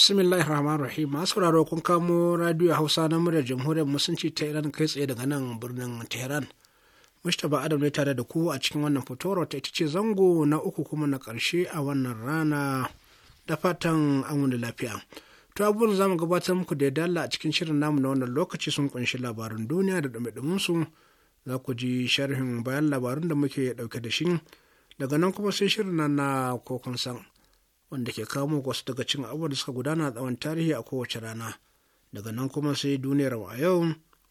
bismillahir rahmanir rahim masu sauraro kun kamo radio hausa na murar jamhuriyar musulunci ta iran kai tsaye daga nan birnin tehran ba adam ne tare da ku a cikin wannan fitowar ta ita ce zango na uku kuma na karshe a wannan rana da fatan an wani lafiya to abubuwan zamu gabatar muku da ya dala a cikin shirin namu na wannan lokaci sun kunshi labarin duniya da dumi su za ku ji sharhin bayan labarun da muke dauke da shi daga nan kuma sai shirin na kokon san wanda ke kamo wasu daga cin abubuwan da suka gudana a tsawon tarihi a kowace rana daga nan kuma sai duniyar a yau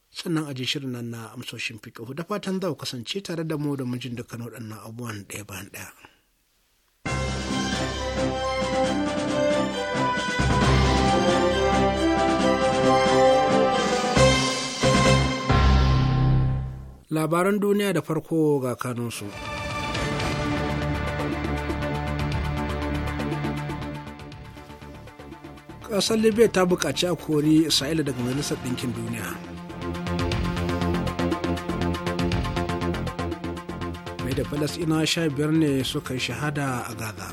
sannan a shirin nan na amsoshin fiƙihu da fatan za ku kasance tare da mu da mijin dukkan waɗannan abubuwan ɗaya bayan ɗaya. Labaran duniya da farko ga kanunsu. ƙasar libya ta buƙaci a kori isra'ila daga majalisar ɗinkin duniya mai da falasina sha biyar ne suka yi shahada a gaza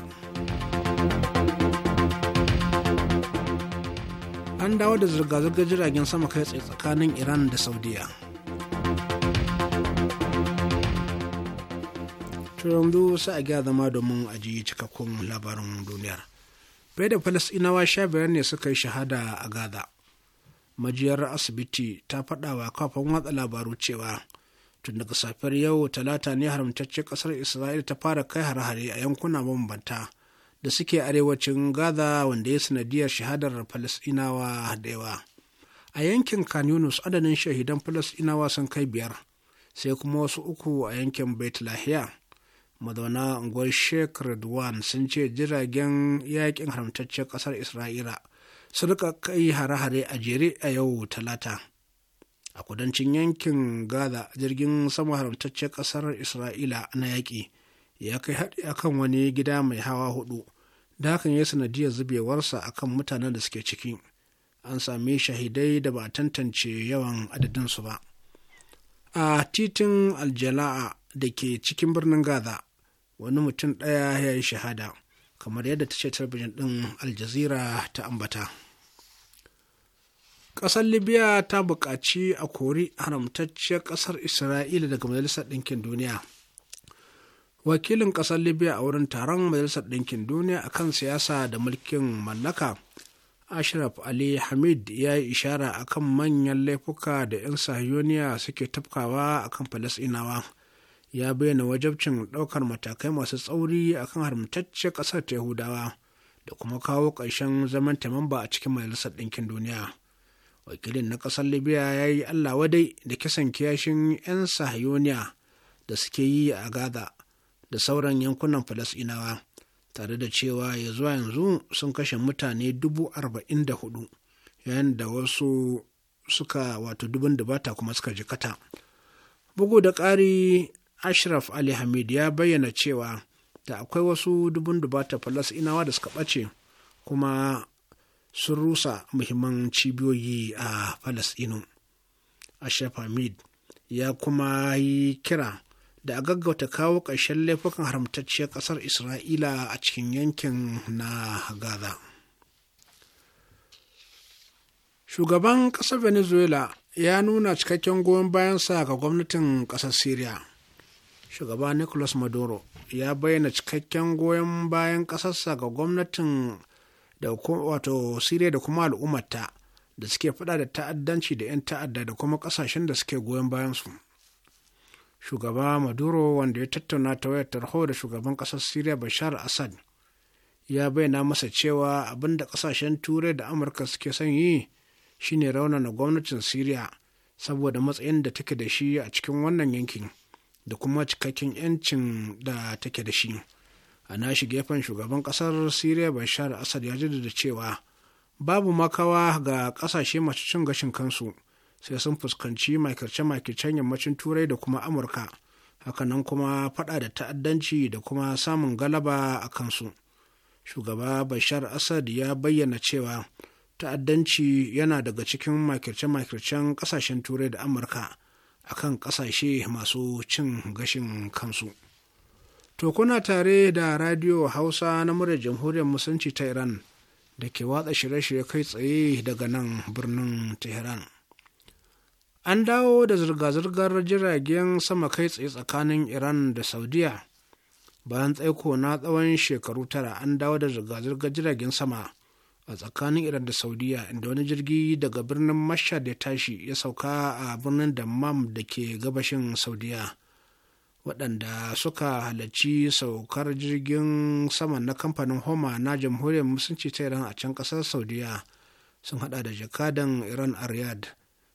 an dawo da zirga-zirgar jiragen sama kai tsaye tsakanin iran da saudiya turan sai a gya zama domin ajiye cikakkun labarin duniyar fiye da falasɗinawa sha biyar ne suka yi shahada a gaza majiyar asibiti ta faɗa wa kafin watsa labaru cewa tun daga safiyar yau talata ne haramtacce ƙasar isra'ila ta fara kai hare-hare a yankuna mabambanta da suke arewacin gaza wanda ya sanadiyar shahadar falasɗinawa da yawa a yankin kan yunus adadin shahidan falasɗinawa sun kai biyar sai kuma wasu uku a yankin beit lahiya mazauna unguwar sheik redwan sun ce jiragen yakin haramtaccen kasar isra'ila sun rika kai hare-hare a jere a yau talata a kudancin yankin gaza jirgin sama haramtaccen kasar isra'ila na yaƙi ya kai haɗi akan wani gida mai hawa hudu da hakan ya sanadiyar zubewarsa akan mutanen da suke ciki an sami shahidai da ba tantance yawan adadinsu ba a titin aljala'a da ke cikin birnin gaza wani mutum ɗaya ya yi shahada kamar yadda ta ce talabijin ɗin aljazira ta ambata ƙasar libya ta buƙaci a kori haramtacciyar ƙasar isra'ila daga majalisar ɗinkin duniya wakilin ƙasar libya a wurin taron majalisar ɗinkin duniya a kan siyasa da mulkin mallaka ashraf ali hamid ya yi ishara akan manyan laifuka da 'yan sahiyoniya suke tafkawa a kan Falasinawa. ya bayyana wajabcin ɗaukar matakai masu tsauri a kan haramtacciyar ƙasar ta yahudawa da kuma kawo ƙarshen zaman mamba a cikin majalisar ɗinkin duniya wakilin na ƙasar libya ya yi allah wadai da kisan kiyashin 'yan sahayoniya da suke yi a gaza da sauran yankunan falasɗinawa tare da cewa ya zuwa yanzu sun kashe mutane dubu arba'in da hudu yayin da wasu suka wato dubin dubata kuma suka jikata bugu da ƙari ashraf ali hamid ya bayyana cewa da akwai wasu dubun dubata falasinawa da suka ɓace kuma sun rusa muhimman cibiyoyi a falasinu ashraf hamid ya kuma yi kira da a gaggauta kawo ƙarshen laifukan haramtacciyar ƙasar isra'ila a cikin yankin na gaza shugaban ƙasar venezuela ya nuna cikakken goyon bayansa ga gwamnatin ƙasar syria shugaba nicolas maduro ya bayyana cikakken goyon bayan ƙasarsa ga gwamnatin da wato siriya da kuma al'ummata da suke fada da ta'addanci da 'yan ta'adda da kuma ƙasashen da suke goyon bayansu shugaba maduro wanda ya tattauna ta wayar tarho da shugaban ƙasar siriya bashar assad ya bayyana masa cewa abin da ƙasashen turai da amurka suke son yi shine raunana gwamnatin siriya saboda matsayin da take da shi a cikin wannan yankin da kuma cikakken 'yancin da take da shi a nashi gefen shugaban kasar syria bashar asad ya jaddada cewa babu makawa ga kasashe masu cin gashin kansu sai sun fuskanci makirce-makircen yammacin turai da kuma amurka hakanan kuma fada da ta'addanci da kuma samun galaba a kansu shugaba bashar asad ya bayyana cewa ta'addanci yana daga cikin makirce-makircen kasashen turai da amurka a kan ƙasashe masu cin gashin kansu. To kuna tare da Radio Hausa na murar Jamhuriyar Musulunci ta Iran da ke watsa shirye-shirye kai tsaye daga nan birnin Tehran. An dawo da zirga-zirgar jiragen sama kai tsaye tsakanin Iran da Saudiya. Bayan tsaiko na tsawon shekaru tara an dawo da zirga-zirgar jiragen sama a tsakanin iran da saudiya inda wani jirgi daga birnin mashhad ya tashi ya sauka a birnin dammam da ke gabashin saudiya waɗanda suka halarci saukar jirgin sama na kamfanin homa na jamhuriyar musulunci ta iran a can ƙasar saudiya sun hada da jakadan iran a Riyad,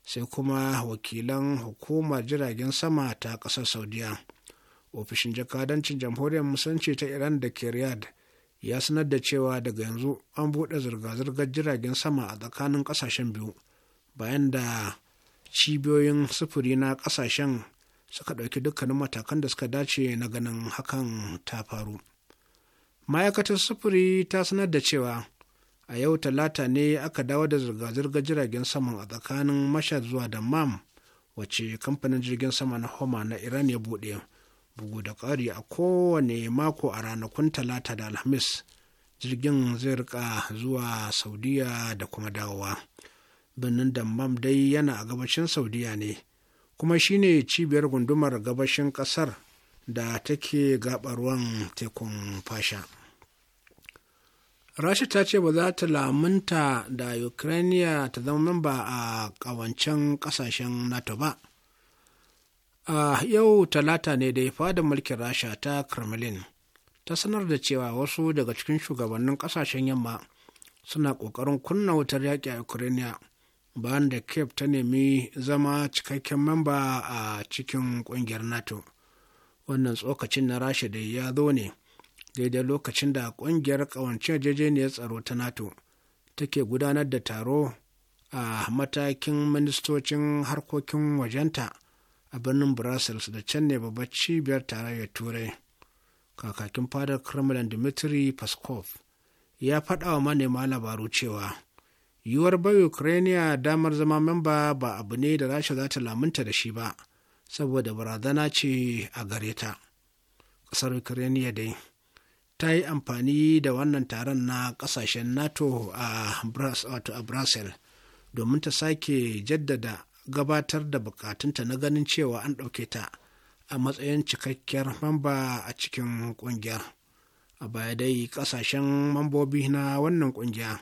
sai kuma wakilan hukumar jiragen sama ta ƙasar saudiya ofishin jakadancin jamhuriyar musulunci ta iran da ke riyadh ya sanar da cewa daga yanzu an buɗe zirga-zirgar jiragen sama a tsakanin ƙasashen biyu bayan da cibiyoyin sufuri na ƙasashen suka ɗauki dukkanin matakan da suka dace na ganin hakan ta faru ma'aikatar sufuri ta sanar da cewa a yau talata ne aka dawo da zirga-zirgar jiragen saman a tsakanin mashar zuwa da mam wacce kamfanin jirgin sama na homa na iran ya buɗe bugu da ƙari a kowane mako a ranakun talata da alhamis jirgin zai rika zuwa saudiya da kuma dawowa birnin dammam dai yana a gabashin saudiya ne kuma shine cibiyar gundumar gabashin ƙasar da take gabarwan tekun fasha rasha ta ce ba za ta lamunta da ukraine ta zama memba a ƙawancen ƙasashen nato ba a yau talata ne da fadar mulkin rasha ta kremlin ta sanar da cewa wasu daga cikin shugabannin kasashen yamma suna ƙoƙarin kunna wutar yaƙi a ukraine bayan da kiev ta nemi zama cikakken mamba a cikin ƙungiyar nato wannan tsokacin na rasha da ya zo ne daidai lokacin da ƙungiyar ƙawancin yarjejeniyar tsaro ta nato take gudanar da taro a matakin ministocin harkokin wajenta a birnin brussels da can ne babbar cibiyar tarayyar turai kakakin fadar kremlin dmitry peskov ya faɗa wa manema labaru cewa yiwuwar bai Ukrainiya damar zama memba ba abu ne da rasha za ta lamunta da shi ba saboda barazana ce a gare ta ƙasar Ukrainiya dai ta yi amfani da wannan taron na ƙasashen nato a brussels domin ta sake jaddada gabatar da bukatunta na ganin cewa an ɗauke ta a matsayin cikakkiyar mamba a cikin ƙungiyar. A baya dai ƙasashen mambobi na wannan ƙungiya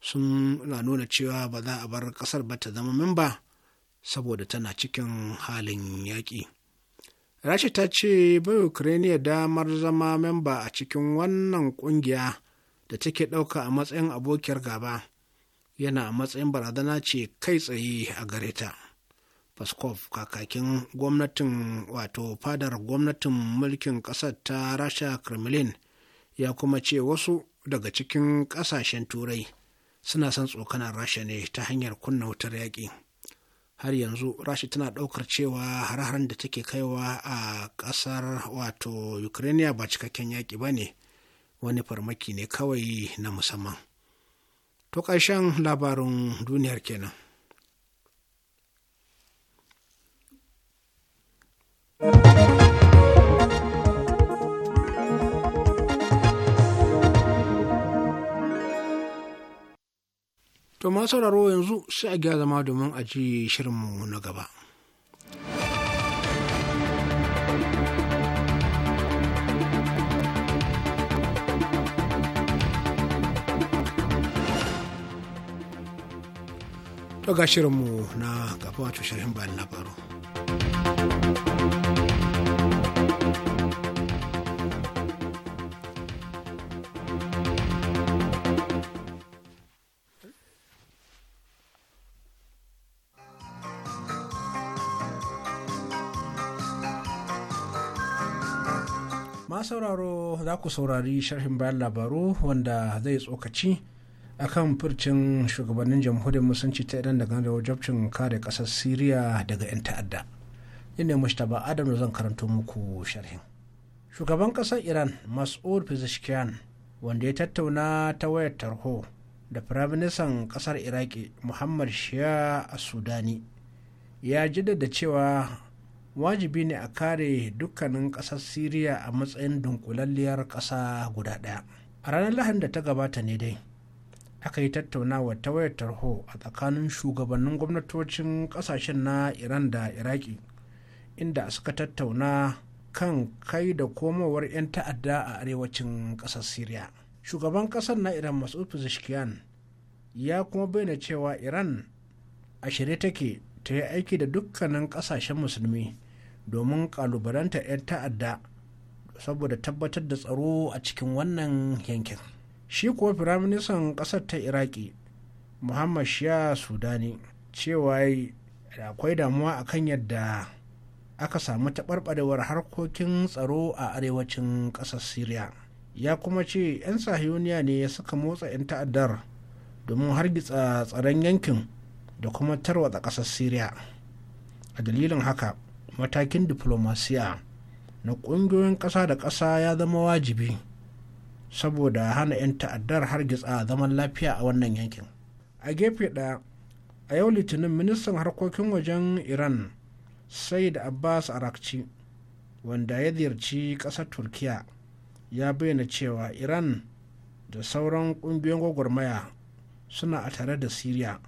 sun na nuna cewa ba za a bar ƙasar ba ta zama mamba saboda tana cikin halin yaƙi. Rasha ta ce bai Ukraine damar zama memba a cikin wannan ƙungiya da take ɗauka a matsayin abokiyar gaba. yana a matsayin barazana ce kai tsaye a gare ta Paskov kakakin gwamnatin wato fadar gwamnatin mulkin ƙasar ta rasha kremlin ya kuma ce wasu daga cikin ƙasashen turai suna son tsokanar rasha ne ta hanyar kunna wutar yaƙi har yanzu rasha tana ɗaukar cewa har-haren da take kaiwa a ƙasar wato ukraine ba cikakken yaƙi ba ne wani farmaki ne kawai na musamman To ƙarshen labarin duniyar kenan. To masu sauraro yanzu sai a gyara zama domin a ji shirinmu na gaba. to ga shirinmu na gaba wato shirin bayan labaru sauraro za ku saurari sharhin bayan labaru wanda zai tsokaci akan furcin shugabannin jamhuriyar musulunci ta iran daga da wajabcin kare kasar siriya daga 'yan ta'adda ni ne mushtaba adam da zan karanto muku sharhin shugaban kasar iran mas'ud fizishkiyan wanda ya tattauna ta wayar tarho da firaministan kasar iraki muhammad shiya a sudani ya jaddada cewa wajibi ne a kare dukkanin kasar siriya a matsayin dunkulalliyar kasa guda daya a ranar lahadin da ta gabata ne dai aka yi tattaunawa ta wayar tarho a tsakanin shugabannin gwamnatocin kasashen na iran da iraki inda suka tattauna kan kai da komowar 'yan ta'adda a arewacin ƙasar syria shugaban ƙasar na iran masu pezeshkian ya kuma bayyana cewa iran a shirye take ta yi aiki da dukkanin ƙasashen musulmi domin kalubalanta 'yan ta'adda saboda tabbatar da tsaro a cikin wannan yankin shi kuwa firaministan ƙasar ta iraki muhammad shia sudani cewa akwai damuwa a kan yadda aka samu taɓarɓarewar harkokin tsaro a arewacin ƙasar syria ya kuma ce 'yan sahiyoniya ne suka motsa 'yan ta'addar domin hargitsa tsaron yankin da kuma tarwatsa ƙasar syria a dalilin haka matakin diflomasiya na ƙungiyoyin ƙasa da ƙasa ya zama wajibi saboda hana 'yan ta'addar hargitsa zaman lafiya a wannan yankin a gefe ɗaya a yau litinin ministan harkokin wajen iran said abbas arakci wanda ya ziyarci ƙasar turkiya ya bayyana cewa iran da sauran ƙungiyoyin gwagwarmaya suna a tare da syria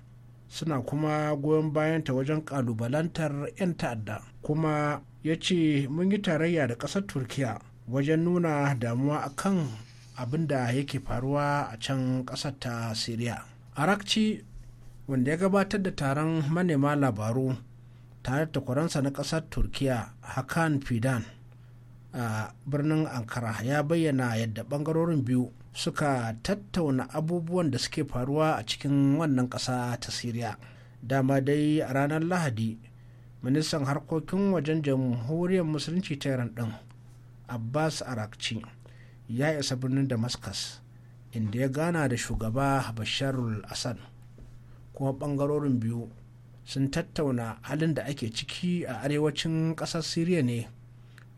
suna kuma goyon bayanta wajen ƙalubalantar 'yan ta'adda kuma ya ce mun yi tarayya da ƙasar turkiya wajen nuna damuwa akan abin da yake faruwa a can ƙasar ta syria arakci wanda ya gabatar da taron manema labaru tare da kwaransa na ƙasar turkiya hakan fidan a birnin ankara ya bayyana yadda ɓangarorin biyu suka tattauna abubuwan da suke faruwa a cikin wannan ƙasa ta syria dama dai a ranar lahadi ministan harkokin wajen jamhuriyar musulunci ta iran din abbas arakci ya isa birnin damascus inda ya gana da shugaba basharul assad kuma bangarorin biyu sun tattauna halin da ake ciki a arewacin kasar siriya ne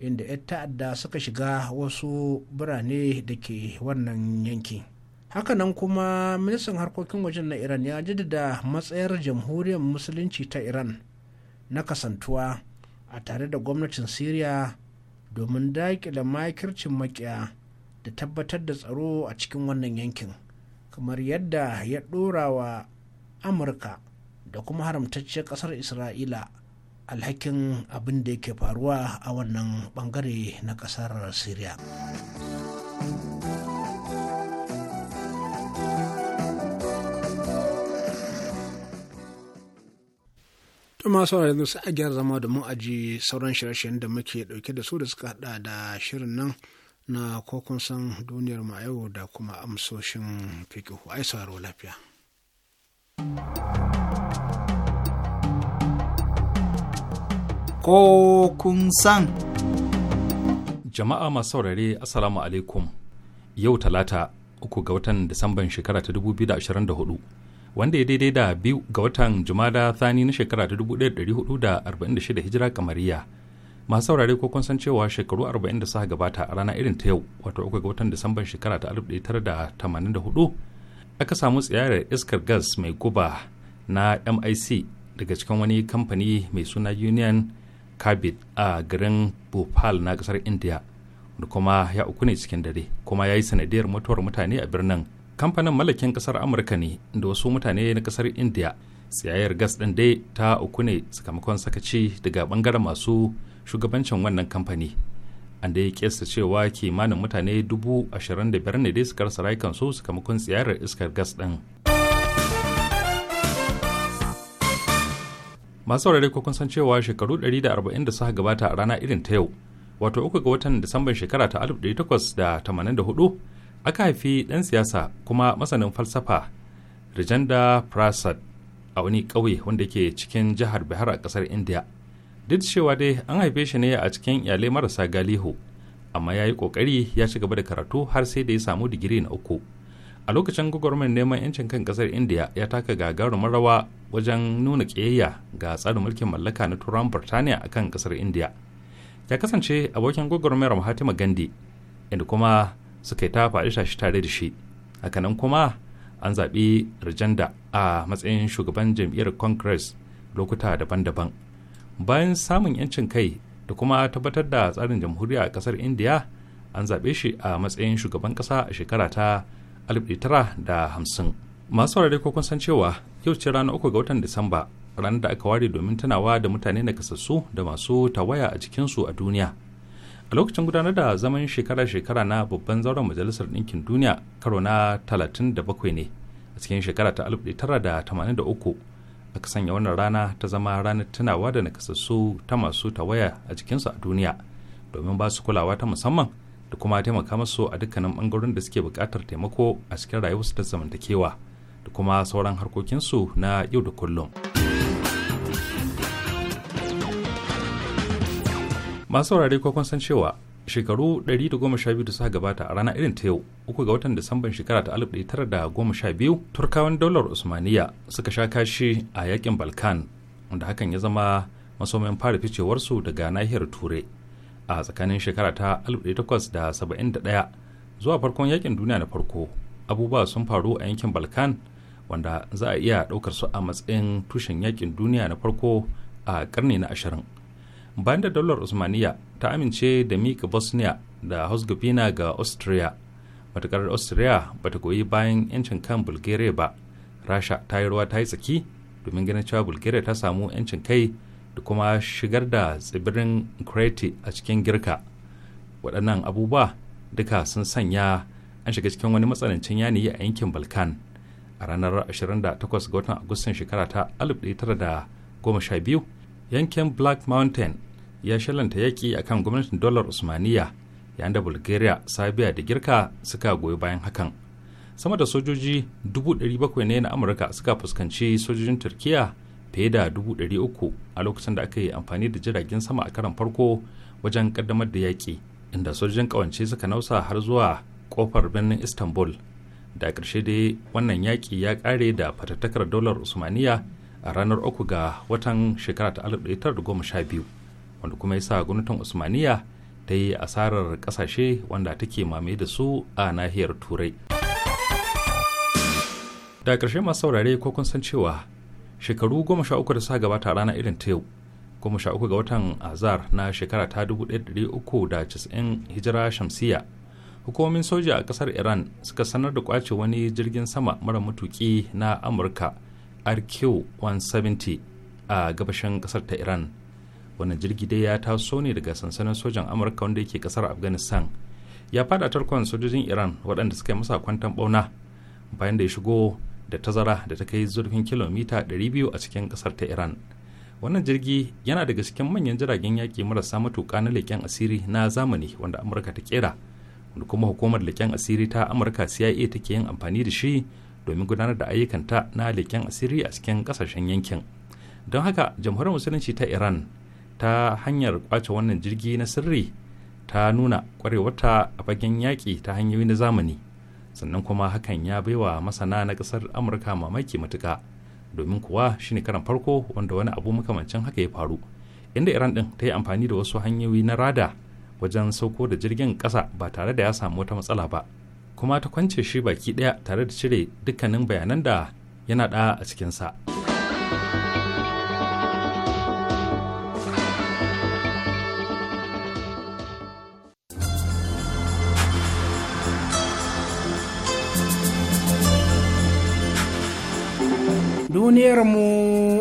inda 'yan ta'adda suka shiga wasu birane da ke wannan yanki hakanan kuma ministan harkokin wajen na iran ya jaddada matsayar jamhuriyar musulunci ta iran na kasantuwa a tare da gwamnatin siriya domin daƙile makircin makiya da tabbatar da tsaro a cikin wannan yankin kamar yadda ya ɗora wa amurka da kuma haramtacciyar ƙasar isra'ila alhakin abin da yake faruwa a wannan ɓangare na ƙasar syria To masu yanzu sai a gyara zama domin aji sauran shirye-shiryen da muke dauke da su da suka hada da shirin nan na kokon san duniyar ma yau da kuma amsoshin fikihu ai sauraro lafiya. kokun san. Jama'a masu saurare Assalamu alaikum yau talata uku ga watan Disamban shekara ta 2024 wanda ya daidai da biyu ga watan Jumada Thani na shekara ta 1446 Hijira kamariya. masu saurari ko kun san cewa shekaru 40 da suka gabata a rana irin ta yau wato uku ga watan disamban shekara ta 1984 aka samu tsayayar iskar gas mai guba na mic daga cikin wani kamfani mai suna union carbide a garin bhopal na kasar india da kuma ya uku ne cikin dare kuma ya yi sanadiyar mutuwar mutane a birnin kamfanin mallakin kasar amurka ne da wasu mutane na kasar india tsayayyar gas ɗin dai ta uku ne sakamakon sakaci daga bangaren masu shugabancin wannan kamfani an da ya kesa cewa kimanin mutane dubu ashirin da biyar ne dai suka rasa rayukansu sakamakon tsiyarar iskar gas ɗin. masu saurare ko kun san cewa shekaru 140 da suka gabata a rana irin ta yau wato uku ga watan disamban shekara ta 1884 aka haifi ɗan siyasa kuma masanin falsafa Rajendra Prasad a wani ƙauye wanda ke cikin jihar Bihar a ƙasar India duk cewa dai an haife shi ne a cikin iyalai marasa galihu amma ya yi kokari ya ci gaba da karatu har sai da ya samu digiri na uku a lokacin gwagwarmar neman yancin kan kasar india ya taka gagarumin rawa wajen nuna ƙiyayya ga tsarin mulkin mallaka na turan birtaniya a kan kasar india ya kasance abokin gwagwarmayar mahatima gandhi inda kuma suka yi ta faɗi shi tare da shi hakanan kuma an zaɓi rajanda a matsayin shugaban jam'iyyar congress lokuta daban-daban bayan samun 'yancin kai da kuma tabbatar da tsarin jamhuriya a kasar indiya an zaɓe shi a matsayin shugaban ƙasa a shekara ta 1950 masu rarrai ko kun san cewa yau ce ranar uku ga watan disamba ranar da aka ware domin tunawa da mutane na kasassu da masu tawaya a cikinsu a duniya a lokacin gudanar da zaman shekara-shekara na babban zauren majalisar ɗinkin duniya karo na 37 ne a cikin shekara ta 1983 aka sanya wannan rana ta zama ranar tunawa da nakasassu ta masu tawaya a jikinsu a duniya domin ba su kulawa ta musamman da kuma taimaka masu a dukkanin bangarorin da suke buƙatar taimako a cikin rayuwarsu ta zamantakewa da kuma sauran harkokinsu na yau da kullum. masu saurare ko kun san cewa shekaru 112 da suka gabata a rana irin ta yau uku ga watan disamban shekara ta 1912 turkawan daular usmaniya suka sha kashi a yakin balkan wanda hakan ya zama masomin fara ficewarsu daga nahiyar turai a tsakanin shekara ta 1871 zuwa farkon yakin duniya na farko abubuwa sun faru a yankin balkan wanda za a iya ɗaukar su a matsayin tushen yakin duniya na farko a karni na ashirin bayan da daular usmaniya ta amince da mika bosnia da herzegovina ga austria matakar austria ba ta goyi bayan yancin kan bulgaria ba rasha ta yi ruwa ta yi tsaki domin ganin cewa bulgaria ta samu yancin kai da kuma shigar da tsibirin kreti a cikin girka waɗannan abubuwa duka sun sanya an shiga cikin wani matsanancin yanayi a yankin balkan a ranar 28 ga watan agustan shekara ta 1912 yankin black mountain ya shalanta yaƙi a kan gwamnatin dolar usmaniya yayin da bulgaria sabiya da girka suka goyi bayan hakan sama da sojoji 700,000 ne na amurka suka fuskanci sojojin turkiya fiye da 300,000 a lokacin da aka yi amfani da jiragen sama a karan farko wajen kaddamar da yaƙi inda sojojin ƙawance suka nausa har zuwa kofar birnin istanbul da ƙarshe dai wannan yaƙi ya ƙare da fatattakar dolar usmaniya a ranar 3 ga watan shekara ta 1912 wanda kuma yasa sa gwamnatin usmaniya ta yi asarar kasashe wanda take mame da su a nahiyar turai da ƙarshe masu saurare ko kun san cewa shekaru goma sha uku da sa gabata rana irin ta yau goma sha uku ga watan azar na shekara ta da casa'in hijira shamsiya hukumomin soja a ƙasar iran suka sanar da kwace wani jirgin sama mara matuki na amurka rq-170 a gabashin ƙasar ta iran wannan jirgi dai ya taso ne daga sansanin sojan amurka wanda yake kasar afghanistan ya fada tarkon sojojin iran waɗanda suka yi masa kwantan bauna bayan da ya shigo da tazara da ta kai zurfin kilomita 200 a cikin kasar ta iran wannan jirgi yana daga cikin manyan jiragen yaƙi marasa matuƙa na leƙen asiri na zamani wanda amurka ta kera wanda kuma hukumar leƙen asiri ta amurka cia take yin amfani da shi domin gudanar da ayyukanta na leƙen asiri a cikin ƙasashen yankin don haka jamhuriyar musulunci ta iran ta hanyar kwace wannan jirgi na sirri ta nuna kwarewarta a fagen yaƙi ta hanyoyi na zamani sannan kuma hakan ya baiwa masana na ƙasar amurka mamaki matuka domin kuwa shine karan farko wanda wani abu makamancin haka ya faru inda iran ɗin ta yi amfani da wasu hanyoyi na rada wajen sauko da jirgin ƙasa ba tare da ya samu wata matsala ba kuma ta kwance shi baki ɗaya tare da cire dukkanin bayanan da yana naɗa a cikinsa. duniyarmu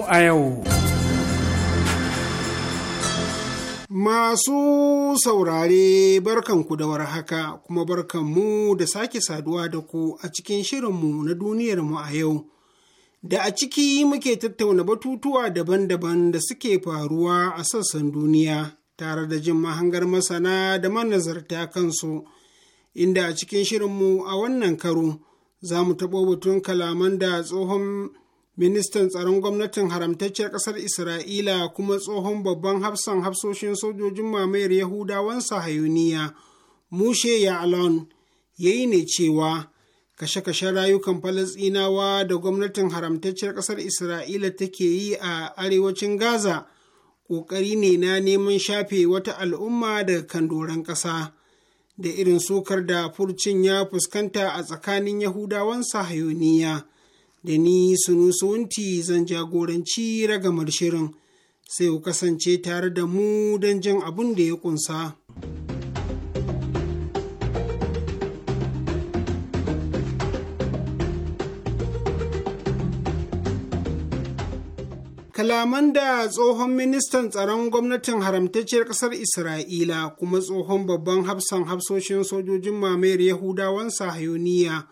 a yau. Masu saurare barkanku da warhaka kuma barkan mu da sake saduwa da ku a cikin shirinmu na duniyarmu a yau. Da a ciki muke tattauna batutuwa daban-daban da suke faruwa a sassan duniya tare da jin mahangar masana da manazarta kansu, inda a cikin shirinmu a wannan karo za mu taɓo batun kalaman da tsohon ministan tsaron gwamnatin haramtacciyar ƙasar isra'ila kuma tsohon babban hafsan hafsoshin sojojin mamayar yahudawan sahayuniya mushe ya'alon ya yi ne cewa kashe-kashen rayukan falasɗinawa da gwamnatin haramtacciyar ƙasar isra'ila take yi a arewacin gaza ƙoƙari ne na neman shafe wata al'umma daga kan doron ƙasa da irin sukar da furcin ya fuskanta a tsakanin yahudawan sahayuniya da ni sunusunti zan jagoranci ragamar shirin sai ku kasance tare da mu don jin abun da ya kunsa. kalaman da tsohon ministan tsaron gwamnatin haramtacciyar ƙasar isra'ila kuma tsohon babban hafsan hafsoshin sojojin mamayar yahudawan sahayoniya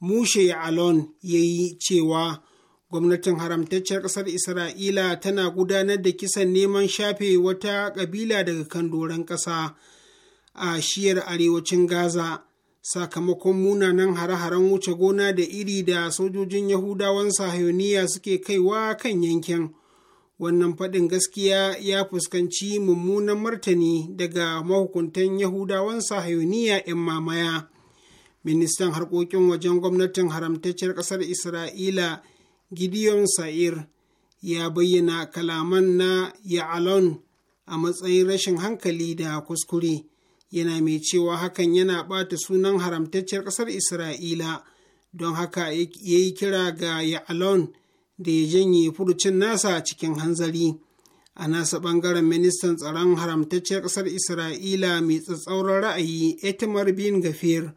mushe alon ya yi cewa gwamnatin haramtaccen ƙasar isra'ila tana gudanar da kisan neman shafe wata ƙabila daga kan doron ƙasa a shiyar arewacin gaza sakamakon munanan hare-haren wuce gona da iri da sojojin yahudawan sahiyoniya suke kaiwa kan yankin wannan faɗin gaskiya ya fuskanci mummunan martani daga mahukuntan yahudawan sahiyoniya 'yan mamaya ministan harkokin wajen gwamnatin haramtacciyar ƙasar isra'ila gideon sa'ir ya bayyana kalaman na ya'alon a matsayin rashin hankali da kuskure yana mai cewa hakan yana ɓata sunan haramtacciyar ƙasar isra'ila don haka ya yi kira ga ya'alon da ya janye furucin nasa cikin hanzari a nasa ɓangaren ministan tsaron haramtacciyar ƙasar isra'ila mai tsatsauran ra'ayi etamar bin gafir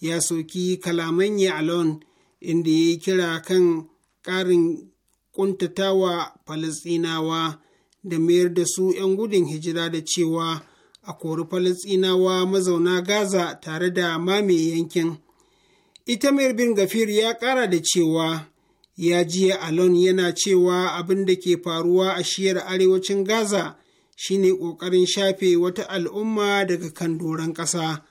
ya soki kalaman Alon inda ya yi kira kan ƙarin ƙuntatawa falasɗinawa da mayar da su 'yan gudun hijira da cewa a kori falasɗinawa mazauna gaza tare da mame yankin ita mayar bin gafir ya ƙara da cewa ya jiya alon yana cewa abin da ke faruwa a shiyar arewacin gaza shine ƙoƙarin shafe wata al'umma daga kan doron ƙasa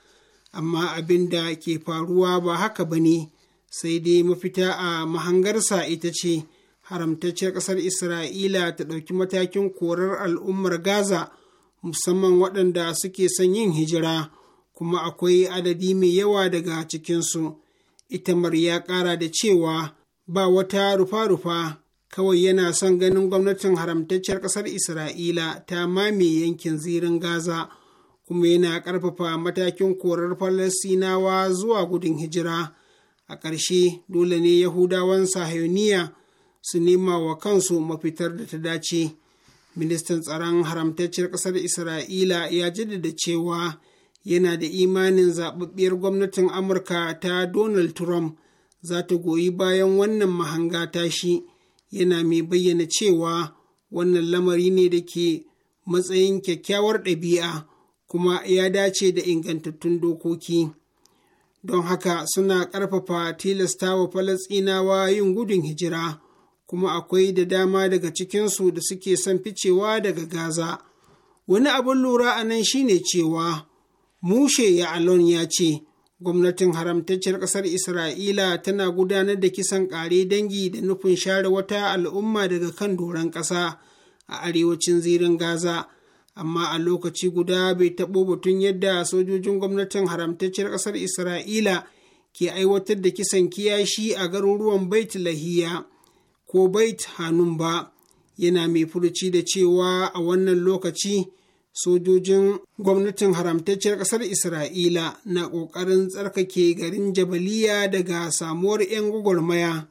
amma abin da ke faruwa ba haka ba ne sai dai mafita a mahangarsa ita ce haramtacciyar ƙasar isra'ila ta ɗauki matakin korar al'ummar gaza musamman waɗanda suke son yin hijira kuma akwai adadi mai yawa daga cikinsu itamar ya ƙara da cewa ba wata rufa-rufa kawai yana son ganin gwamnatin haramtacciyar ƙasar isra'ila ta mame yankin zirin gaza kuma yana ƙarfafa matakin korar falasinawa zuwa gudun hijira a ƙarshe dole ne yahudawan Sahuniya su nema wa kansu mafitar da ta dace ministan tsaron haramtacciyar ƙasar isra'ila ya jaddada cewa yana da imanin zaɓaɓɓiyar gwamnatin amurka ta donald trump za ta goyi bayan wannan mahanga tashi yana mai bayyana cewa wannan lamari ne da ke matsayin kyakkyawar ɗabi'a kuma ya dace da ingantattun dokoki don haka suna ƙarfafa wa falasɗinawa yin gudun hijira kuma akwai da dama daga cikinsu da suke son ficewa daga gaza wani abin lura a nan shine cewa mushe ya alon ya ce gwamnatin haramtacciyar ƙasar isra'ila tana gudanar da kisan ƙare dangi da nufin share wata al'umma daga kan doron ƙasa a arewacin zirin gaza amma a lokaci guda bai taɓo batun yadda sojojin gwamnatin haramtacciyar ƙasar isra'ila ke aiwatar da kisan kiyashi a garuruwan bait lahiya ko bait hanun ba yana mai furuci da cewa a wannan lokaci sojojin gwamnatin haramtacciyar ƙasar isra'ila na ƙoƙarin tsarkake garin jabaliya daga samuwar 'yan gwagwarmaya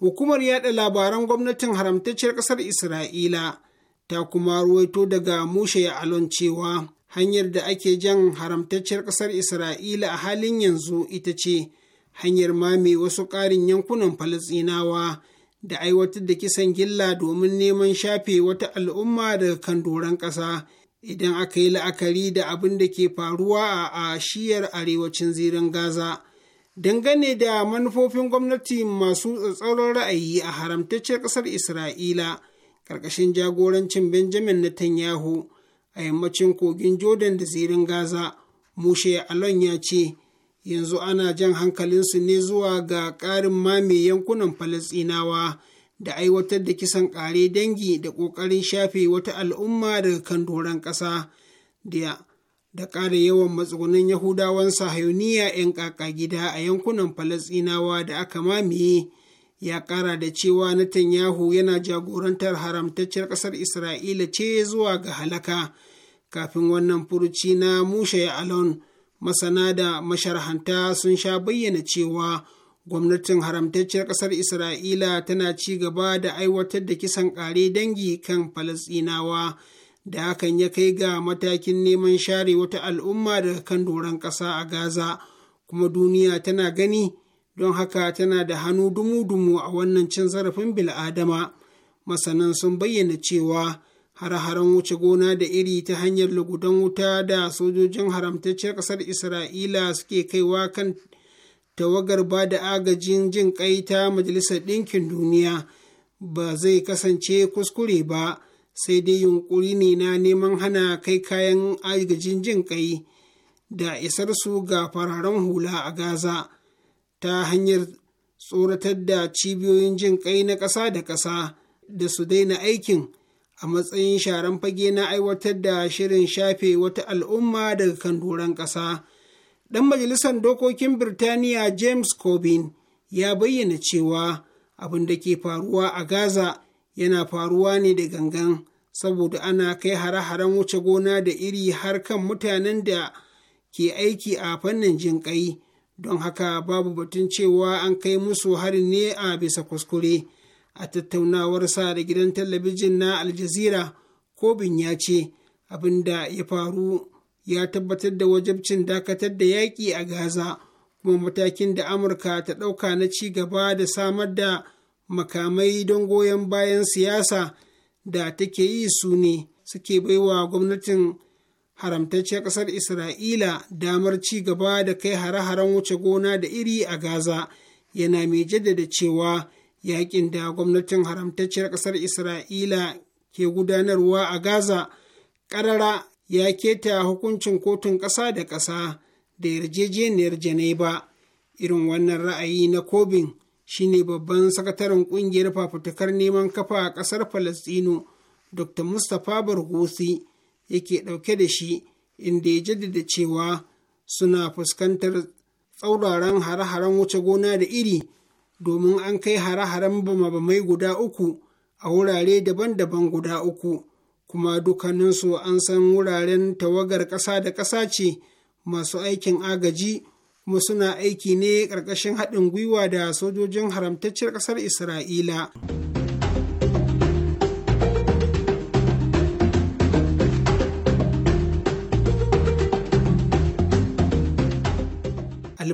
hukumar yada labaran gwamnatin haramtacciyar ƙasar isra'ila ta kuma ruwaito daga mushe alon cewa hanyar da ake jan haramtacciyar ƙasar isra'ila a halin yanzu ita ce hanyar mame wasu ƙarin yankunan falasinawa da aiwatar da kisan gilla domin neman shafe wata al'umma daga kan doron ƙasa idan aka yi la'akari da abin da ke faruwa a shiyar arewacin zirin gaza dangane da manufofin gwamnati masu tsatsauran ra'ayi a haramtacciyar ƙasar isra'ila ƙarƙashin jagorancin benjamin netanyahu a yammacin kogin jordan da zirin gaza mushe alon ya ce yanzu ana jan hankalinsu ne zuwa ga ƙarin mame yankunan falasinawa da aiwatar da kisan ƙare dangi da ƙoƙarin shafe wata al'umma daga kan doron ƙasa da da ƙara yawan matsugunan yahudawan sahayuniya 'yan ƙaƙa gida a yankunan falasinawa da aka mamaye ya ƙara da cewa Netanyahu yana jagorantar haramtacciyar ƙasar Isra'ila ce zuwa ga halaka kafin wannan furuci na mushe alon masana da masharhanta sun sha bayyana cewa gwamnatin haramtacciyar ƙasar Isra'ila tana ci gaba da aiwatar da kisan ƙare dangi kan Falasɗinawa da hakan ya kai ga matakin neman share wata al'umma daga kan doron ƙasa a Gaza kuma duniya tana gani. don haka tana da hannu dumu-dumu a wannan cin zarafin bil'adama masanan sun bayyana cewa har-haren wuce gona da iri ta hanyar lugudan wuta da sojojin haramtacciyar ƙasar isra'ila suke kaiwa kan tawagar ba da agajin jin ƙai ta majalisar ɗinkin duniya ba zai kasance kuskure ba sai dai yunƙuri ne na neman hana kai kayan agajin jin ƙai da isar su ga fararen hula a gaza ta hanyar tsoratar da cibiyoyin jin ƙai na ƙasa da ƙasa da su daina aikin a matsayin sharan fage na aiwatar da shirin shafe wata al'umma daga kan doron ƙasa. Ɗan majalisar dokokin Birtaniya James Corbyn ya bayyana cewa abin da ke faruwa a Gaza yana faruwa ne da gangan saboda ana kai hare-haren wuce gona da iri har kan mutanen da ke aiki a fannin jinƙai don haka babu batun cewa an kai musu harin ne a bisa kuskure a tattaunawar sa da gidan talabijin na aljazira kobin ya ce abin da ya faru ya tabbatar da wajabcin dakatar da yaƙi a gaza kuma matakin da amurka ta ɗauka na ci gaba da samar da makamai don goyon bayan siyasa da take yi su ne suke baiwa gwamnatin haramtacciyar ƙasar isra'ila damar ci gaba da kai hare-haren wuce gona da iri a gaza yana mai jaddada cewa yakin da gwamnatin haramtacciyar ƙasar isra'ila ke gudanarwa a gaza ƙarara ya keta hukuncin kotun ƙasa da ƙasa da yarjejeniyar janeba irin wannan ra'ayi na kobin shine babban sakataren ƙungiyar fafutukar neman kafa a ƙasar Falastinu, dr mustapha bargosi yake ɗauke da shi inda ya jaddada cewa suna fuskantar tsauraran hare-haren wuce gona da iri domin an kai hare-haren bama-bamai guda uku a wurare daban-daban guda uku kuma dukkaninsu an san wuraren tawagar ƙasa da ƙasa ce masu aikin agaji kuma suna aiki ne ƙarƙashin haɗin gwiwa da sojojin haramtacciyar ƙasar isra'ila.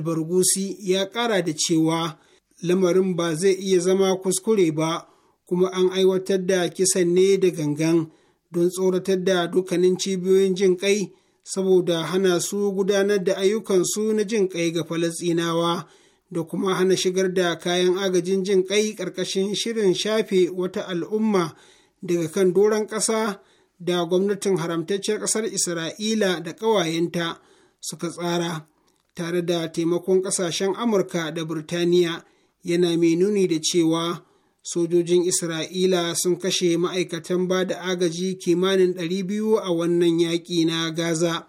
albargusi ya ƙara da cewa lamarin ba zai iya zama kuskure ba kuma an aiwatar da kisan ne da gangan don tsoratar da dukkanin cibiyoyin jin ƙai saboda hana su gudanar da ayyukansu na jin ƙai ga falasɗinawa da kuma hana shigar da kayan agajin jin ƙai ƙarƙashin shirin shafe wata al'umma daga kan doron ƙasa da gwamnatin haramtacciyar ƙasar isra'ila da ƙawayenta suka tsara tare da taimakon ƙasashen amurka da burtaniya yana mai nuni da cewa sojojin isra'ila sun kashe ma'aikatan ba da agaji kimanin 200 a wannan yaƙi na gaza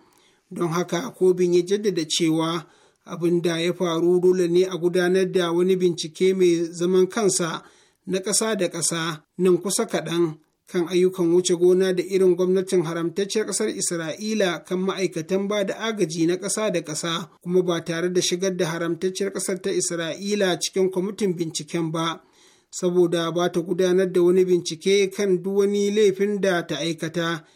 don haka kobin ya jaddada cewa abin da ya faru dole ne a gudanar da wani bincike mai zaman kansa na ƙasa da ƙasa nan kusa kaɗan kan ayyukan wuce gona da irin gwamnatin haramtacciyar ƙasar Isra'ila kan ma'aikatan ba da agaji na ƙasa da ƙasa kuma ba tare da shigar da haramtacciyar ƙasar ta Isra'ila cikin kwamitin binciken ba. Saboda ba ta gudanar da wani bincike kan duk wani laifin da ta aikata,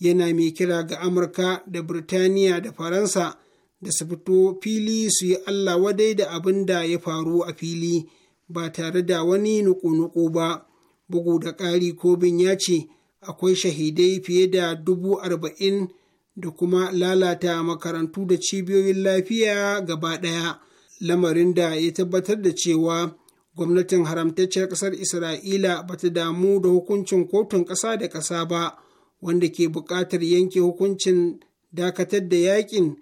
yana mai kira ga Amurka da Birtaniya da Faransa da su fito fili su yi Allah wadai da abin da ya faru a fili ba tare da wani nuku-nuku ba. bugu da ƙari ko bin ya ce akwai shahidai fiye da dubu arba'in da kuma lalata makarantu da cibiyoyin lafiya gaba ɗaya lamarin da ya tabbatar da cewa gwamnatin haramtacciyar ƙasar isra'ila ba ta damu da hukuncin kotun ƙasa da ƙasa ba wanda ke buƙatar yanke hukuncin dakatar da yakin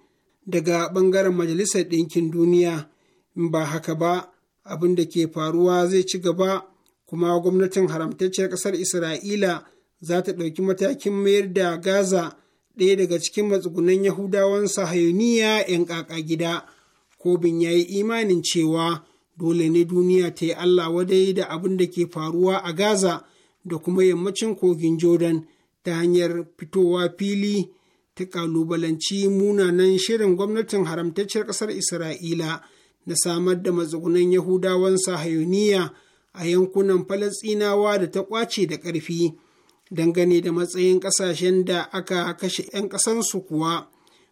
daga ɓangaren majalisar ɗinkin duniya In ba haka ba abin da ke faruwa zai ci gaba kuma gwamnatin haramtacciyar ƙasar isra'ila za ta ɗauki matakin mayar da gaza ɗaya daga cikin matsugunan yahudawan sahayuniya 'yan ƙaƙa gida kobin ya yi imanin cewa dole ne duniya ta yi allah wadai da abin da ke faruwa a gaza da kuma yammacin kogin jordan ta hanyar fitowa fili ta ƙalubalanci munanan shirin gwamnatin haramtacciyar ƙasar isra'ila na samar da matsugunan yahudawan sahayuniya a yankunan falasinawa da ta kwace da ƙarfi dangane da matsayin ƙasashen da aka kashe 'yan ƙasansu kuwa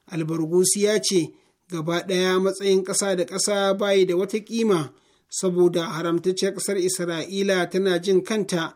albargusi ya ce gaba ɗaya matsayin ƙasa da ƙasa bayi da wata ƙima saboda haramtacciyar ƙasar isra'ila tana jin kanta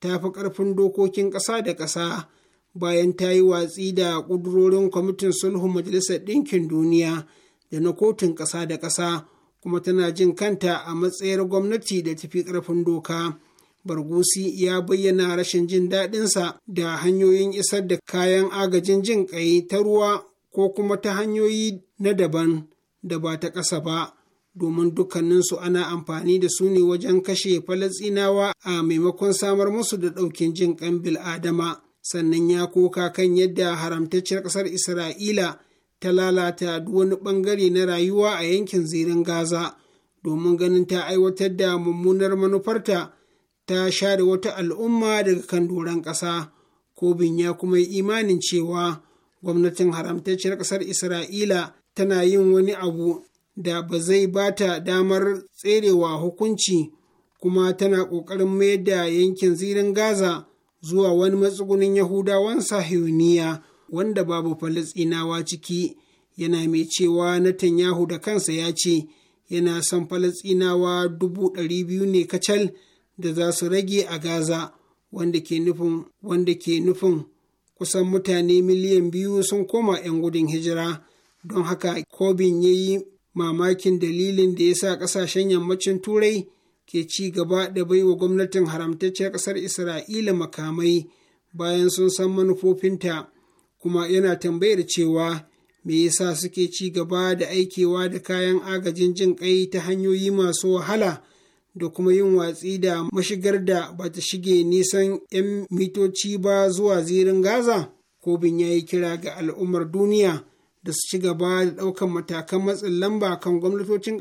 ta fi ƙarfin dokokin ƙasa da ƙasa bayan ta yi watsi da ƙudurorin kwamitin sulhun majalisar ɗinkin duniya da na kotun ƙasa da ƙasa kuma tana jin kanta a matsayar gwamnati da tafi ƙarfin doka bargusi ya bayyana rashin jin daɗinsa da hanyoyin isar da kayan agajin jin ƙai ta ruwa ko kuma ta hanyoyi na daban da ba ta ƙasa ba domin dukkaninsu ana amfani da su ne wajen kashe falasinawa a maimakon samar musu da ɗaukin jin ƙan bil'adama sannan ya koka kan yadda haramtacciyar ƙasar isra'ila ta lalata duk wani ɓangare na rayuwa a yankin zirin Gaza domin ganin ta aiwatar da mummunar manufarta ta share wata al'umma daga kan doron ƙasa. Kobin ya kuma yi imanin cewa gwamnatin haramtacciyar ƙasar Isra'ila tana yin wani abu da ba zai ba ta damar tserewa hukunci kuma tana ƙoƙarin mayar da yankin zirin Gaza zuwa wani matsugunin Yahudawan Sahuniya. wanda babu falasɗinawa ciki yana mai cewa Netanyahu da kansa ya ce yana son falasɗinawa dubu ɗari biyu ne kacal da za su rage a gaza wanda ke nufin wanda ke nufin kusan mutane miliyan biyu sun koma 'yan gudun hijira don haka kobin ya yi mamakin dalilin da ya sa ƙasashen yammacin turai ke ci gaba da baiwa gwamnatin haramtacciyar ƙasar isra'ila makamai bayan sun san manufofinta kuma yana tambayar cewa me yasa suke ci gaba da aikewa da kayan agajin jin kai ta hanyoyi masu wahala da kuma yin watsi da mashigar da ba ta shige nisan 'yan mitoci ba zuwa zirin gaza Ko bin ya yi kira ga al'ummar duniya da su ci gaba da ɗaukan matakan matsin lamba kan gwamnatocin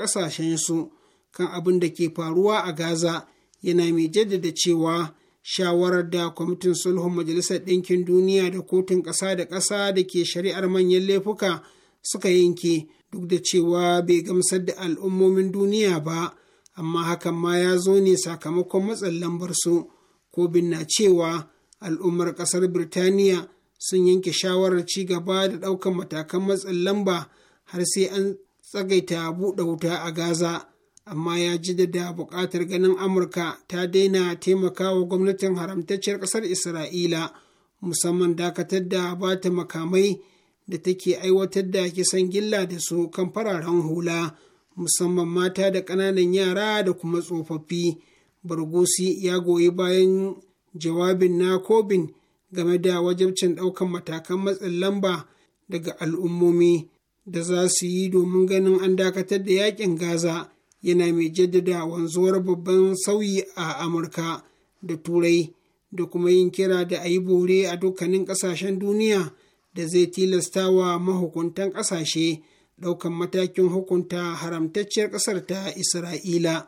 su kan abin da ke faruwa a gaza yana mai jaddada cewa shawarar da kwamitin sulhun majalisar ɗinkin duniya da kotun ƙasa da ƙasa da ke shari'ar manyan laifuka suka yanke duk da cewa bai gamsar da al'ummomin duniya ba amma hakan ma ya zo ne sakamakon matsin lambar su ko binna cewa al'ummar ƙasar birtaniya sun yanke shawarar ci gaba da ɗaukan matakan matsin lamba har sai an tsagaita buɗe wuta a gaza amma ya ji da buƙatar ganin amurka ta daina taimakawa gwamnatin haramtacciyar ƙasar isra'ila musamman dakatar da ba ta makamai da take aiwatar da kisan gilla da su kan fararen hula musamman mata da ƙananan yara da kuma tsofaffi bargusi ya goyi bayan jawabin na kobin game da wajabcin ɗaukan matakan matsin lamba daga al'ummomi da za su yi domin ganin an dakatar da yakin gaza yana mai jaddada wanzuwar babban sauyi a amurka da turai da kuma yin kira da a yi bore a dukkanin kasashen duniya da zai tilasta wa mahukuntan kasashe ɗaukan matakin hukunta haramtacciyar ƙasar ta isra'ila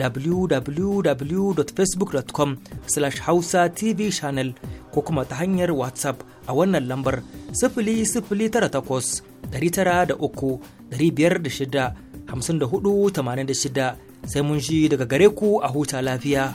www.facebook.com slash hausa tv channel ko kuma ta hanyar whatsapp a wannan lambar sifili sifili da takwas tara uku biyar shida hamsin da shida sai mun shi daga gare ku a huta lafiya.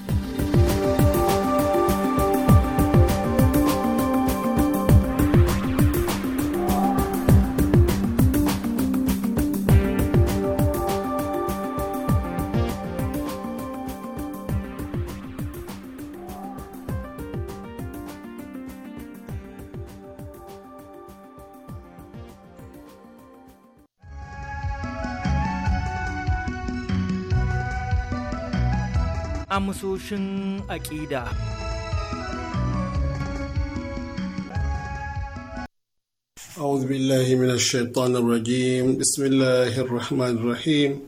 amsoshin aƙida. أعوذ بالله من الشيطان الرجيم بسم الله الرحمن الرحيم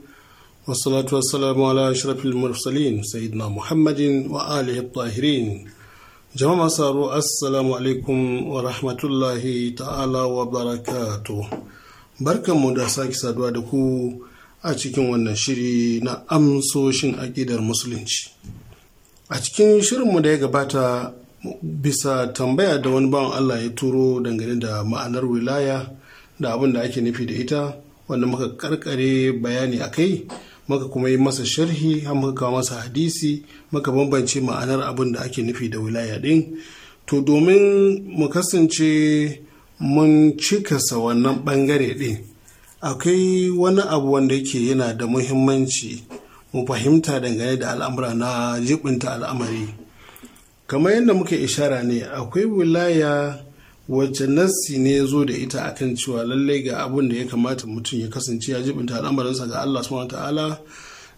والصلاة والسلام على أشرف المرسلين سيدنا محمد وآله الطاهرين jama'a assalamu alaikum wa rahmatullahi ta'ala wa barakatu barkanmu da sake saduwa da ku a cikin wannan shiri na amsoshin aƙidar musulunci a cikin shirinmu da ya gabata bisa tambaya da wani bawan allah ya turo dangane da ma'anar wilaya da abin da ake nufi da ita wanda muka karkare bayani a kai muka kuma yi masa sharhi har muka kawo masa hadisi muka bambance ma'anar abin da ake nufi da wilaya din to domin mu kasance mun cikasa wannan bangare din akwai wani abu wanda yake yana da muhimmanci mu fahimta dangane da al'amura na jibinta al'amari kamar yadda muka ishara ne akwai wilaya wacce nassi ne ya zo da ita akan cewa lallai ga abin da ya kamata mutum ya kasance ya jibinta al'amarinsa ga Allah subhanahu ta'ala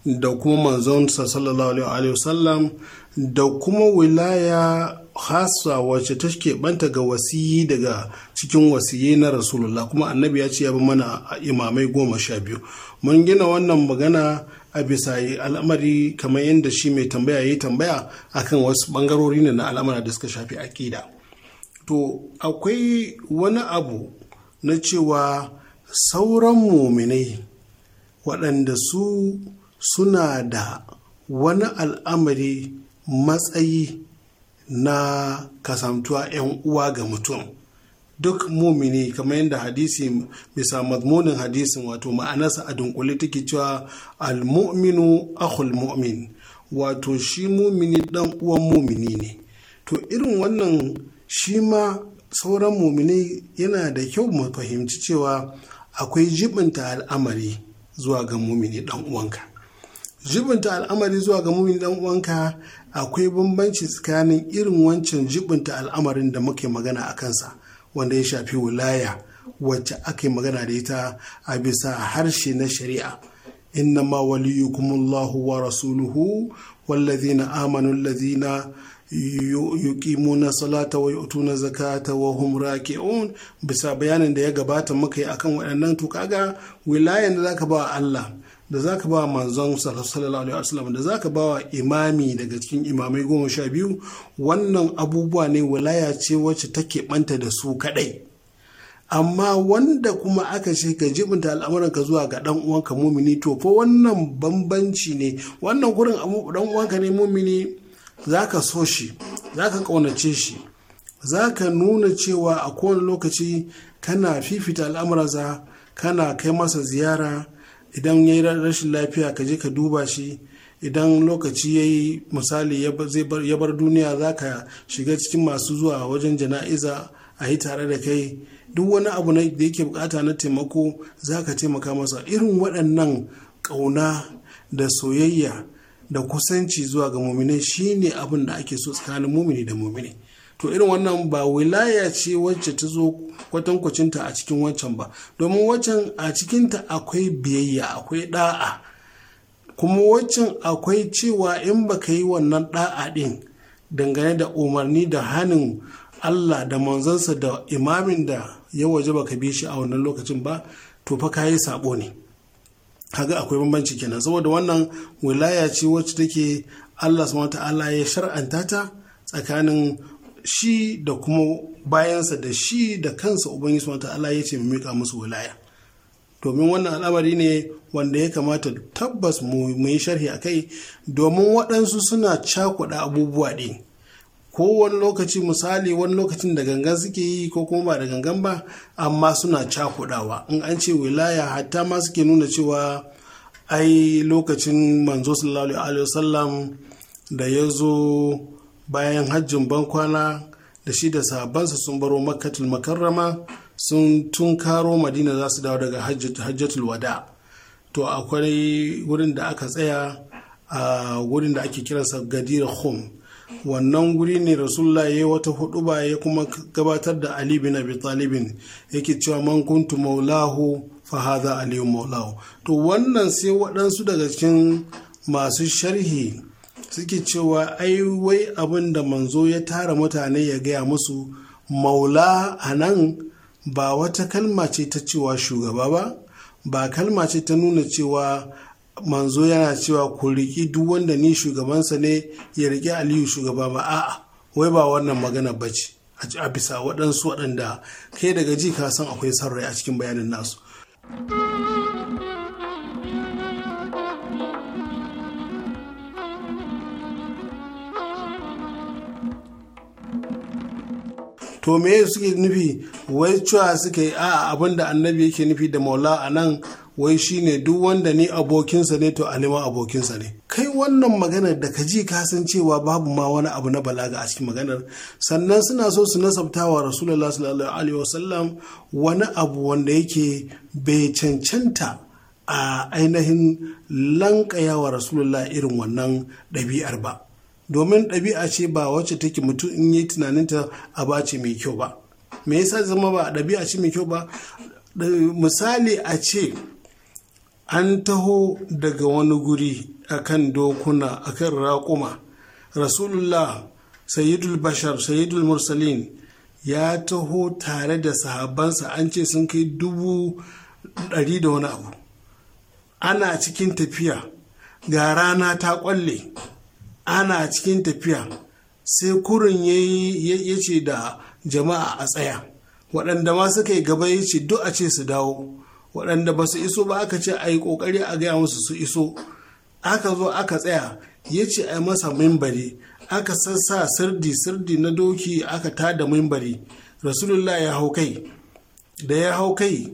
da kuma manzonsa sallallahu alaihi wasallam da kuma wilaya hasa wacce ta banta ga wasiyi daga cikin wasiyi na rasulullah kuma annabi ya ce ya bi mana imamai goma sha biyu mun gina wannan magana a bisa al'amari kamar yadda shi mai tambaya ya tambaya akan wasu bangarori na al'amara da suka shafi aƙida to akwai wani abu na cewa sauran muminai waɗanda su suna da wani al'amari matsayi na kasantuwa 'yan uwa ga mutum duk mumini kamar yadda hadisi bisa mazmunin hadisin wato ma'anarsa a dunkule take cewa al-mu'minu akhul mu'min wato shi mumini dan uwan mumini ne to irin wannan shi ma sauran mumini yana da kyau mu fahimci cewa akwai jibinta al'amari zuwa ga mumini dan uwanka jibinta al'amari zuwa ga mumini dan uwanka akwai bambanci tsakanin irin wancan jibinta al'amarin da muke magana a kansa wanda ya shafi wilaya wacce aka yi magana da ita a bisa harshe na shari'a innama waliyukumullahu wa rasuluhu wallazina amanu allazina yuqimuna salata wa yu'tuna zakata wa hum raki'un bisa bayanin da ya gabata muka yi akan waɗannan to kaga wilayan da zaka ba Allah da za ka ba manzon sallallahu alaihi wasallam da ka ba imami daga cikin imamai goma sha biyu wannan abubuwa ne walaya ce wacce take banta da su kadai amma wanda kuma aka ce ka jibinta al'amuran ka zuwa ga dan uwanka mumini to fa wannan bambanci ne wannan gurin dan uwanka ne mumini ka so shi za ka ƙaunace shi za ka nuna cewa a kowane lokaci kana fifita al'amuransa kana kai masa ziyara idan ya yi rashin lafiya ka je ka duba shi idan lokaci ya yi misali ya bar duniya za ka shiga cikin masu zuwa wajen jana'iza a yi tare da kai duk wani abu da yake bukata na taimako za ka taimaka masa irin waɗannan ƙauna da soyayya da kusanci zuwa ga mumini shine abin da ake so tsakanin mumini da mumini to irin wannan ba wilaya ce wacce ta zo kwatankwacinta a cikin waccan ba domin waccan a cikinta akwai biyayya akwai da'a kuma waccan akwai cewa in baka yi wannan da'a din dangane da umarni da hannun allah da manzansa da imamin da ya waje baka bi shi a wannan lokacin ba to fa ka yi sabo ne kaga akwai bambanci kenan saboda wannan wilaya ce wacce take allah subhanahu ta'ala ya shar'anta ta tsakanin shi da kuma bayansa da shi da kansa ubangiji subhanahu ta'ala ya ce mu mika musu wilaya domin wannan al'amari ne wanda ya kamata tabbas mu yi sharhi a kai domin waɗansu suna cakuɗa abubuwa ɗin ko wani lokaci misali wani lokacin da gangan suke yi ko kuma ba da gangan ba amma suna cakuɗawa in an ce wilaya hatta ma suke nuna cewa ai lokacin manzo sallallahu alaihi wasallam da ya zo bayan hajjin bankwana da shi da sahabbansa sun baro makkatul makarrama sun tun karo madina za su dawo daga hajjatul wada to akwai wurin da aka tsaya a wurin da ake kiransa gadir khum wannan guri ne rasulullah ya yi wata ba ya kuma gabatar da ali bin abi talibin yake cewa man kuntu maulahu fa hadha aliyu maulahu to wannan sai waɗansu daga cikin masu sharhi suke cewa ai wai abin da manzo ya tara mutane ya gaya musu maula a nan ba wata kalma ce ta cewa shugaba ba ba kalma ce ta nuna cewa manzo yana cewa ku riƙi duk wanda ni shugabansa ne ya riƙi aliyu shugaba ba a'a wai ba wannan magana ba ce a bisa waɗansu waɗanda kai daga ji ka san akwai son a cikin bayanin nasu. to me suke nufi wai cewa suke a abin da annabi yake nufi da maula a nan wai shine duk wanda ni abokinsa ne to alima abokinsa ne kai wannan maganar da ka ji kasan cewa babu ma wani abu na balaga a cikin maganar sannan suna so su nasabta wa rasulullah wani abu wanda yake bai cancanta a ainihin lankaya wa rasulullah irin wannan ɗabi'ar ba domin ɗabi'a ce ba wacce take mutum in yi tunaninta a bace mai kyau ba me yasa zama ba ɗabi'a ce mai kyau ba misali a ce an taho daga wani guri akan dokuna akan raƙuma rasulullah sayyidul bashar sayyidul mursalin ya taho tare da sahabansa an ce sun kai dubu ɗari da wani abu ana cikin tafiya ga rana ta ƙwalle ana cikin tafiya sai kurin ya ce da jama'a a tsaya waɗanda ma suka yi gaba ya ce duk a ce su dawo waɗanda ba su iso ba aka ce a yi ƙoƙari a gaya musu su iso aka zo aka tsaya ya ce a masa mimbari aka sassa sirdi sirdi na doki aka ta da mimbari rasulullah ya hau kai da ya hau kai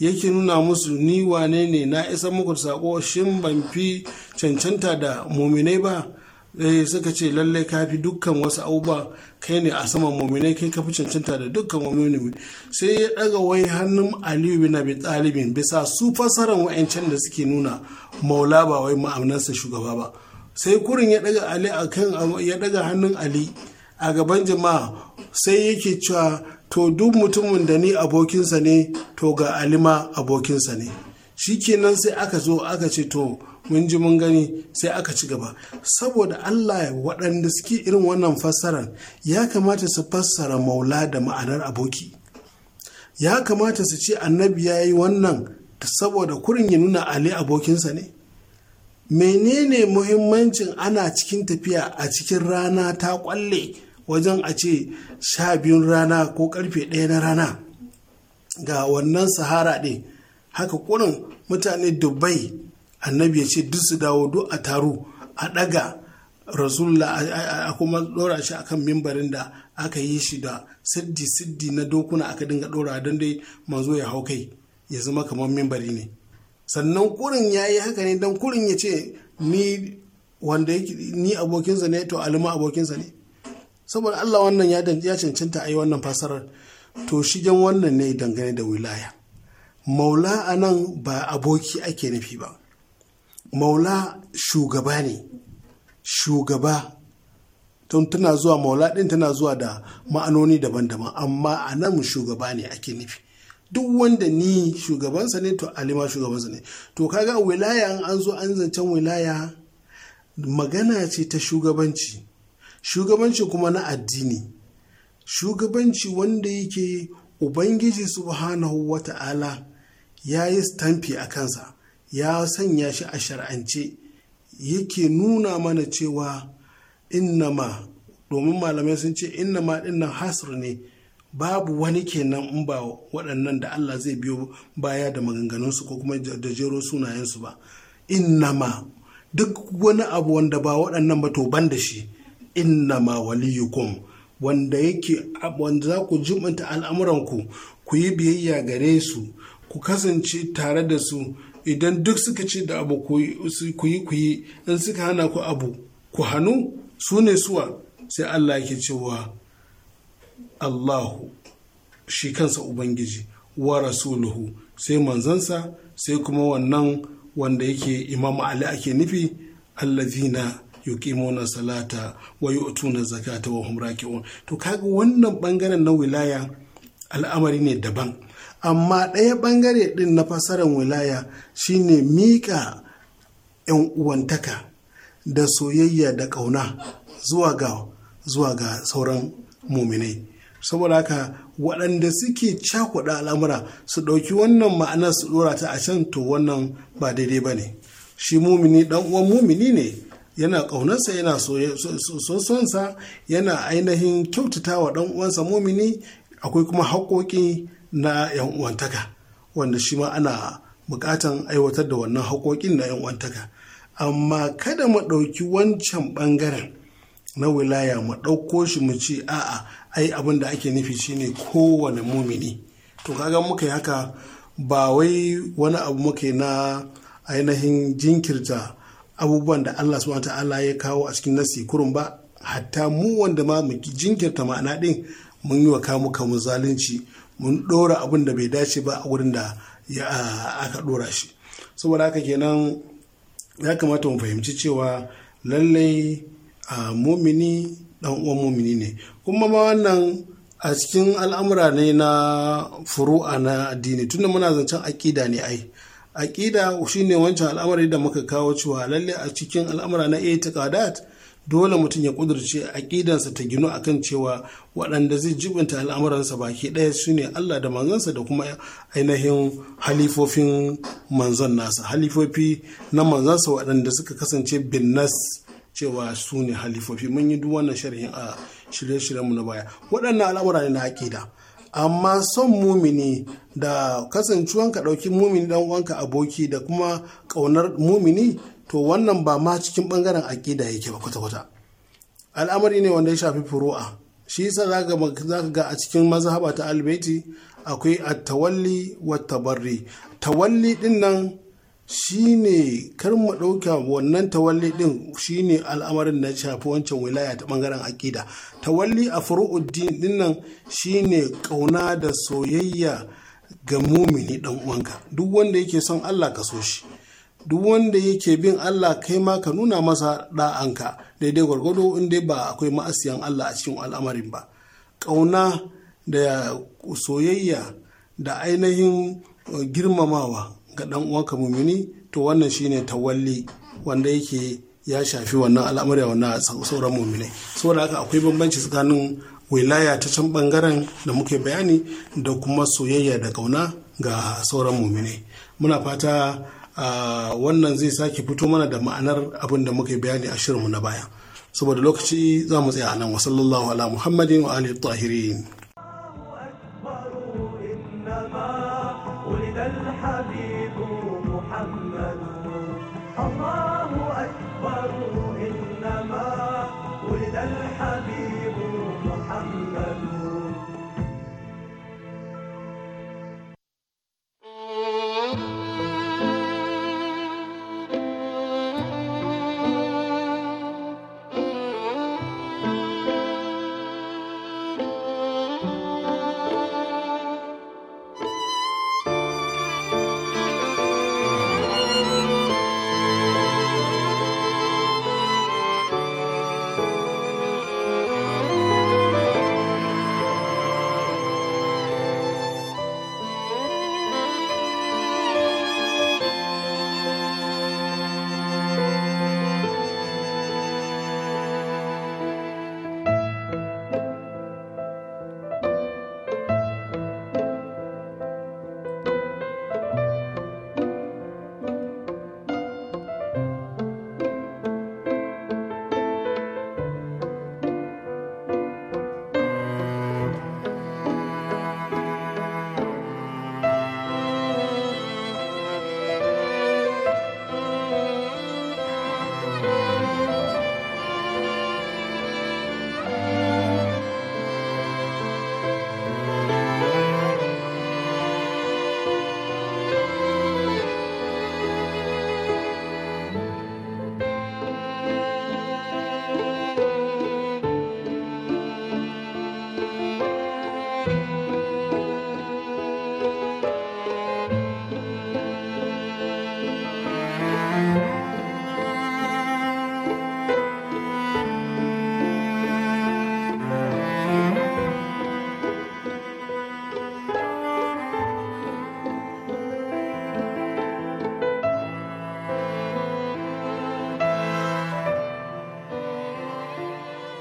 yake nuna musu ni wane ne na isa muku sako shin ban fi cancanta da muminai ba zai eh, suka ce lallai ka fi dukkan wasu abubuwa kai ne a saman muminai kai ka fi cancanta da dukkan mumini sai ya daga wai hannun aliyu bin abi talibin bisa su fasaran wa'ancan da suke nuna maula ba wai ma'amnansa shugaba ba sai kurin ya daga ali kan ya daga hannun ali a gaban jama'a sai yake cewa to duk mutumin da ni abokinsa ne to ga alima abokinsa ne shi shikenan sai aka zo aka ce to mun ji mun gani sai aka ci gaba saboda Allah waɗanda suke irin wannan fassarar ya kamata su fassara maula da ma'anar aboki ya kamata su ce annabi ya yi wannan saboda kurin ya nuna ali abokinsa ne menene muhimmancin ana cikin tafiya a cikin rana ta kwalle wajen a ce sha biyun rana ko karfe ɗaya na rana ga wannan sahara ɗin haka kurin mutane dubai annabi ya ce duk su dawo duk a taro a ɗaga rasulullah a kuma dora shi akan mimbarin da aka yi shi da siddi siddi na dokuna aka dinga dora don dai manzo ya hau kai ya zama kamar mimbari ne sannan kurin ya yi haka ne don kurin ya ce ni wanda ni abokinsa ne to alima abokinsa ne saboda allah wannan ya cancanta a yi wannan fasarar to shigen wannan ne dangane da wilaya maula a nan ba aboki ake nufi ba maula shugaba ne shugaba tun tana zuwa maula ɗin tana zuwa da ma'anoni daban-daban amma a nan shugaba ne ake nufi duk wanda ni shugabansa ne to alima shugabansa ne to kaga wilaya an zo an zancen wilaya magana ce ta shugabanci shugabanci kuma na addini shugabanci wanda yake ubangiji subhanahu wata'ala ya yi stamfi a kansa ya sanya shi a shar'ance yake nuna mana cewa innama domin malamai sun ce innama dinnan hasr ne babu wani kenan in ba waɗannan da Allah zai biyo baya da maganganunsu ko kuma da jero sunayensu ba innama duk wani abu wanda ba waɗannan ba to ban da shi innama waliyukum wanda yake wanda za ku jimanta al'amuranku ku yi biyayya gare su ku kasance tare da su idan duk suka ce da abu ku yi ku yi in suka hana ku abu ku hannu su ne suwa sai Allah yake cewa Allahu shi kansa Ubangiji wa rasuluhu sai manzansa sai kuma wannan wanda yake Imam Ali ake nufi allazina yuqimuna salata wa yu'tuna zakata wa hum raki'un to kaga wannan bangaren na wilaya al'amari ne daban amma ɗaya ɓangare ɗin na fasarar wilaya shine miƙa 'yan uwantaka da soyayya da ƙauna zuwa ga zuwa ga sauran muminai saboda haka waɗanda suke cakuɗa al'amura su ɗauki wannan ma'anar su ɗora ta a can to wannan ba daidai ba ne shi mumini ɗan uwan mumini ne yana ƙaunarsa yana sosonsa yana ainihin kyautata wa ɗan uwansa mumini akwai kuma haƙoƙi na 'yan uwantaka wanda shi ma ana bukatan aiwatar da wannan haƙoƙin na 'yan uwantaka amma kada mu ɗauki wancan ɓangaren na wilaya mu ɗauko shi mu ce a'a ai abin da ake nufi shine kowane mumini to kaga muka yi haka ba wai wani abu muka na ainihin jinkirta abubuwan da Allah subhanahu ta'ala ya kawo a cikin nasi kurun ba hatta mu wanda ma mu jinkirta ma'ana din mun yi wa kamu kamun zalunci mun ɗora abin da bai dace ba a wurin da aka ɗora shi saboda haka kenan ya kamata mu fahimci cewa lallai a mumini dan uwan mumini ne kuma ma wannan a cikin al'amura ne na furu'a na addini tunda muna zancen aƙida ne ai aƙida shine wancan al'amari da muka kawo cewa lallai a cikin al'amura na kadat dole mutum ya kudurce aƙidansa ta ginu akan cewa waɗanda zai jibinta al'amuransa baki ɗaya sune Allah da manzansa da kuma ainihin halifofin manzon nasa halifofi na manzansa waɗanda suka kasance binnas cewa su ne halifofi mun yi duk wannan sharhin a shirye-shiryenmu na baya waɗannan al'amura ne na aƙida amma son mumini da kasancewanka ɗauki mumini dan uwanka aboki da kuma ƙaunar mumini to wannan ba ma cikin bangaren aƙida yake ba kwata-kwata al'amari ne wanda ya shafi furu'a shi yasa za ka ga a cikin mazhaba ta albaiti akwai at-tawalli wa tabarri tawalli din nan shine kar mu ɗauka wannan tawalli din shine al'amarin na shafi wancan wilaya ta bangaren aƙida tawalli a furu'uddin din nan shine kauna da soyayya ga mumini dan uwanka duk wanda yake son Allah ka so shi duk wanda yake bin Allah kai ma ka nuna masa da'anka daidai gwargwado inda ba akwai ma'asiyan Allah a cikin al'amarin ba ƙauna da soyayya da ainihin uh, girmamawa ga ɗan uwanka mumini to wannan shine tawalli wanda yake ya shafi wannan al'amari wannan sauran muminai saboda haka akwai bambanci tsakanin wilaya ta can bangaren da muke bayani da kuma soyayya da ƙauna ga sauran muminai muna fata wannan zai sake fito mana da ma'anar abin da muka bayani a shirinmu na baya saboda lokaci za mu tsaya a nan wa ala muhammadin wa alihi tahirin